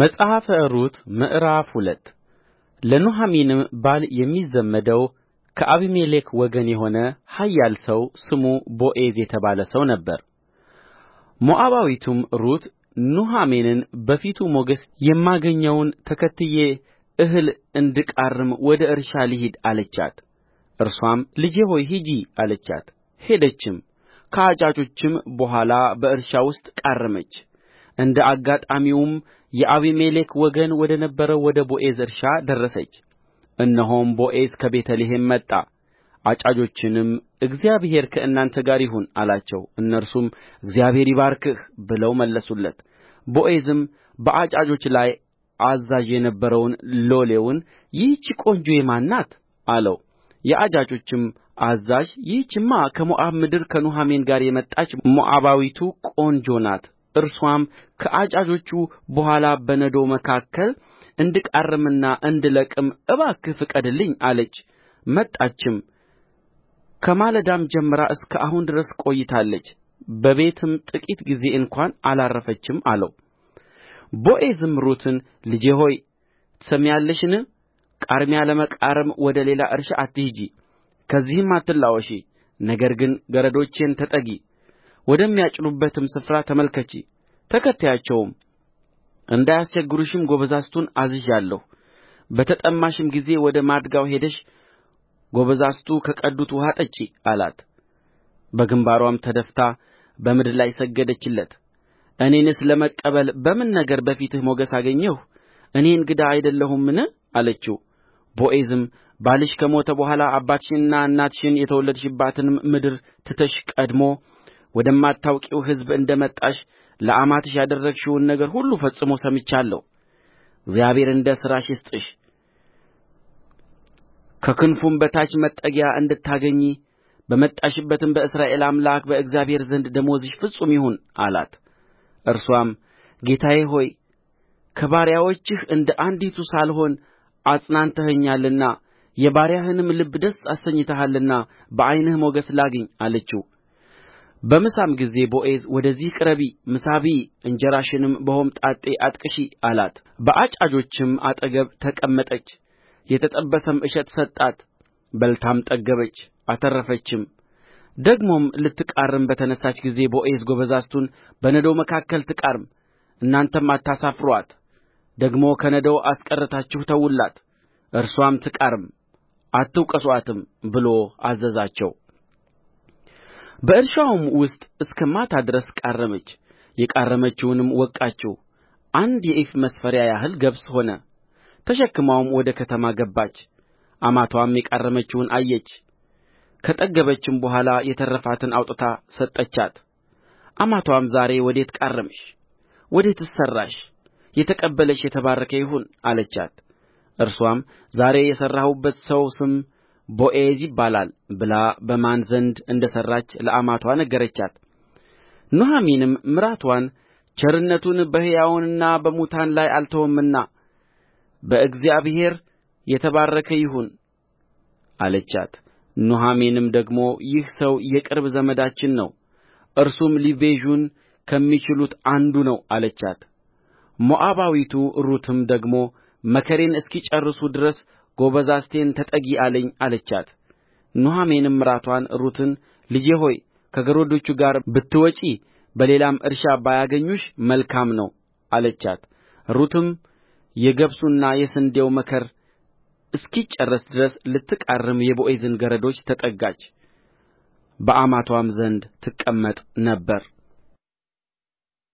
መጽሐፈ ሩት ምዕራፍ ሁለት ለኑኃሚንም ባል የሚዘመደው ከአቢሜሌክ ወገን የሆነ ኃያል ሰው ስሙ ቦዔዝ የተባለ ሰው ነበር። ሞዓባዊቱም ሩት ኑኃሚንን በፊቱ ሞገስ የማገኘውን ተከትዬ እህል እንድቃርም ወደ እርሻ ልሂድ አለቻት። እርሷም ልጄ ሆይ ሂጂ አለቻት። ሄደችም ከአጫጆችም በኋላ በእርሻ ውስጥ ቃረመች። እንደ አጋጣሚውም የአቢሜሌክ ወገን ወደ ነበረው ወደ ቦዔዝ እርሻ ደረሰች እነሆም ቦዔዝ ከቤተ ልሔም መጣ አጫጆቹንም እግዚአብሔር ከእናንተ ጋር ይሁን አላቸው እነርሱም እግዚአብሔር ይባርክህ ብለው መለሱለት ቦዔዝም በአጫጆች ላይ አዛዥ የነበረውን ሎሌውን ይህች ቆንጆ የማን ናት አለው የአጫጆችም አዛዥ ይህችማ ከሞዓብ ምድር ከኑኃሚን ጋር የመጣች ሞዓባዊቱ ቆንጆ ናት እርስዋም ከአጫጆቹ በኋላ በነዶው መካከል እንድቃርምና እንድለቅም እባክህ ፍቀድልኝ አለች መጣችም ከማለዳም ጀምራ እስከ አሁን ድረስ ቆይታለች በቤትም ጥቂት ጊዜ እንኳ አላረፈችም አለው ቦዔዝም ሩትን ልጄ ሆይ ትሰሚያለሽን ቃርሚያ ለመቃረም ወደ ሌላ እርሻ አትሂጂ ከዚህም አትላወሺ ነገር ግን ገረዶቼን ተጠጊ ወደሚያጭዱበትም ስፍራ ተመልከቺ ተከተያቸውም እንዳያስቸግሩሽም ጐበዛዝቱን አዝዣለሁ በተጠማሽም ጊዜ ወደ ማድጋው ሄደሽ ጐበዛዝቱ ከቀዱት ውኃ ጠጪ አላት በግምባርዋም ተደፍታ በምድር ላይ ሰገደችለት እኔንስ ለመቀበል በምን ነገር በፊትህ ሞገስ አገኘሁ እኔ እንግዳ አይደለሁምን አለችው ቦዔዝም ባልሽ ከሞተ በኋላ አባትሽንና እናትሽን የተወለድሽባትንም ምድር ትተሽ ቀድሞ ወደማታውቂው ሕዝብ እንደ መጣሽ ለአማትሽ ያደረግሽውን ነገር ሁሉ ፈጽሞ ሰምቻለሁ እግዚአብሔር እንደ ሥራሽ ይስጥሽ ከክንፉም በታች መጠጊያ እንድታገኚ በመጣሽበትም በእስራኤል አምላክ በእግዚአብሔር ዘንድ ደመወዝሽ ፍጹም ይሁን አላት እርስዋም ጌታዬ ሆይ ከባሪያዎችህ እንደ አንዲቱ ሳልሆን አጽናንተኸኛልና የባሪያህንም ልብ ደስ አሰኝተሃልና በዓይንህ ሞገስ ላግኝ አለችው በምሳም ጊዜ ቦዔዝ ወደዚህ ቅረቢ ምሳ ብዪ እንጀራሽንም በሆምጣጤ አጥቅሽ አላት በአጫጆችም አጠገብ ተቀመጠች የተጠበሰም እሸት ሰጣት በልታም ጠገበች አተረፈችም ደግሞም ልትቃርም በተነሣች ጊዜ ቦዔዝ ጐበዛዝቱን በነዶው መካከል ትቃርም እናንተም አታሳፍሩአት ደግሞ ከነዶው አስቀርታችሁ ተዉላት እርስዋም ትቃርም አትውቀሱአትም ብሎ አዘዛቸው በእርሻውም ውስጥ እስከ ማታ ድረስ ቃረመች የቃረመችውንም ወቃችው አንድ የኢፍ መስፈሪያ ያህል ገብስ ሆነ ተሸክማውም ወደ ከተማ ገባች አማትዋም የቃረመችውን አየች ከጠገበችም በኋላ የተረፋትን አውጥታ ሰጠቻት አማትዋም ዛሬ ወዴት ቃረምሽ ወዴትስ ሠራሽ የተቀበለሽ የተባረከ ይሁን አለቻት እርስዋም ዛሬ የሠራሁበት ሰው ስም ቦዔዝ ይባላል ብላ በማን ዘንድ እንደ ሠራች ለአማትዋ ነገረቻት። ኑኃሚንም ምራትዋን ቸርነቱን በሕያዋንና በሙታን ላይ አልተወምና በእግዚአብሔር የተባረከ ይሁን አለቻት። ኑኃሚንም ደግሞ ይህ ሰው የቅርብ ዘመዳችን ነው፣ እርሱም ሊቤዡን ከሚችሉት አንዱ ነው አለቻት። ሞዓባዊቱ ሩትም ደግሞ መከሬን እስኪጨርሱ ድረስ ጐበዛዝቴን ተጠጊ አለኝ አለቻት ኑኃሚንም ምራትዋን ሩትን ልጄ ሆይ ከገረዶቹ ጋር ብትወጪ በሌላም እርሻ ባያገኙሽ መልካም ነው አለቻት ሩትም የገብሱና የስንዴው መከር እስኪጨረስ ድረስ ልትቃርም የቦዔዝን ገረዶች ተጠጋች በአማትዋም ዘንድ ትቀመጥ ነበር